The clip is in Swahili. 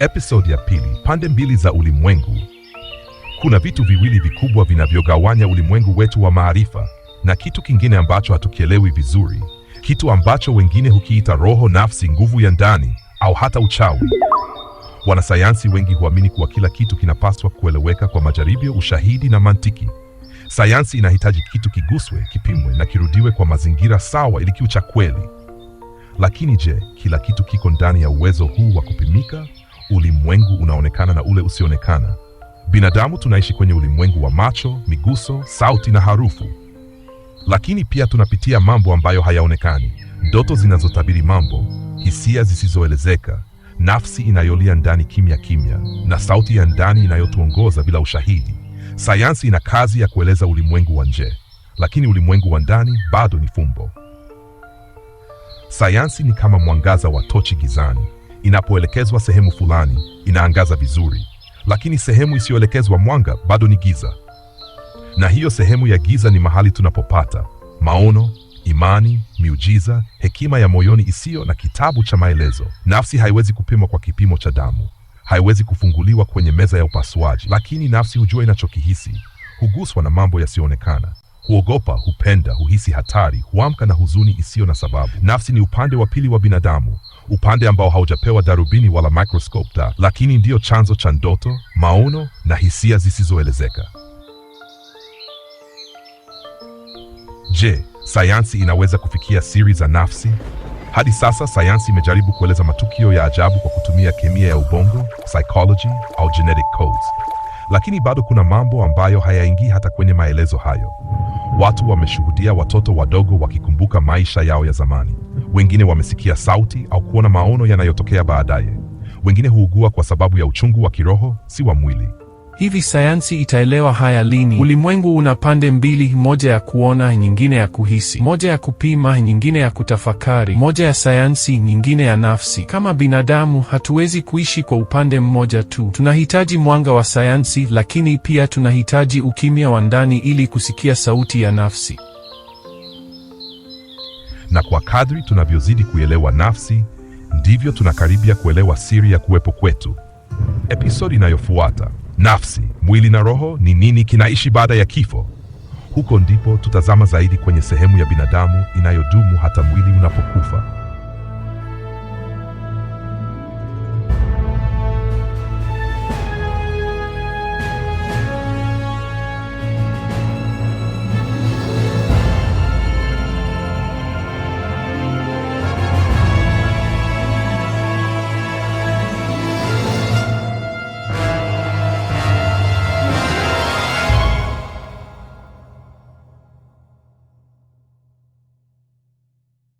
Episodi ya pili, pande mbili za ulimwengu. Kuna vitu viwili vikubwa vinavyogawanya ulimwengu wetu wa maarifa na kitu kingine ambacho hatukielewi vizuri, kitu ambacho wengine hukiita roho, nafsi, nguvu ya ndani au hata uchawi. Wanasayansi wengi huamini kuwa kila kitu kinapaswa kueleweka kwa majaribio, ushahidi na mantiki. Sayansi inahitaji kitu kiguswe, kipimwe na kirudiwe kwa mazingira sawa ili kiwe cha kweli. Lakini je, kila kitu kiko ndani ya uwezo huu wa kupimika? Ulimwengu unaonekana na ule usionekana Binadamu tunaishi kwenye ulimwengu wa macho, miguso, sauti na harufu, lakini pia tunapitia mambo ambayo hayaonekani, ndoto zinazotabiri mambo, hisia zisizoelezeka, nafsi inayolia ndani kimya kimya, na sauti ya ndani inayotuongoza bila ushahidi. Sayansi ina kazi ya kueleza ulimwengu wa nje, lakini ulimwengu wa ndani bado ni fumbo. Sayansi ni kama mwangaza wa tochi gizani. Inapoelekezwa sehemu fulani, inaangaza vizuri, lakini sehemu isiyoelekezwa mwanga bado ni giza. Na hiyo sehemu ya giza ni mahali tunapopata maono, imani, miujiza, hekima ya moyoni isiyo na kitabu cha maelezo. Nafsi haiwezi kupimwa kwa kipimo cha damu, haiwezi kufunguliwa kwenye meza ya upasuaji, lakini nafsi hujua inachokihisi, huguswa na mambo yasiyoonekana huogopa, hupenda, huhisi hatari, huamka na huzuni isiyo na sababu. Nafsi ni upande wa pili wa binadamu, upande ambao haujapewa darubini wala microscope, lakini ndiyo chanzo cha ndoto, maono na hisia zisizoelezeka. Je, sayansi inaweza kufikia siri za nafsi? Hadi sasa sayansi imejaribu kueleza matukio ya ajabu kwa kutumia kemia ya ubongo, psychology au genetic codes, lakini bado kuna mambo ambayo hayaingii hata kwenye maelezo hayo. Watu wameshuhudia watoto wadogo wakikumbuka maisha yao ya zamani. Wengine wamesikia sauti au kuona maono yanayotokea baadaye. Wengine huugua kwa sababu ya uchungu wa kiroho, si wa mwili. Hivi sayansi itaelewa haya lini? Ulimwengu una pande mbili, moja ya kuona, nyingine ya kuhisi, moja ya kupima, nyingine ya kutafakari, moja ya sayansi, nyingine ya nafsi. Kama binadamu, hatuwezi kuishi kwa upande mmoja tu. Tunahitaji mwanga wa sayansi, lakini pia tunahitaji ukimya wa ndani ili kusikia sauti ya nafsi. Na kwa kadri tunavyozidi kuelewa nafsi, ndivyo tunakaribia kuelewa siri ya kuwepo kwetu. Episodi inayofuata nafsi, mwili na roho, ni nini kinaishi baada ya kifo? Huko ndipo tutazama zaidi kwenye sehemu ya binadamu inayodumu hata mwili unapokufa.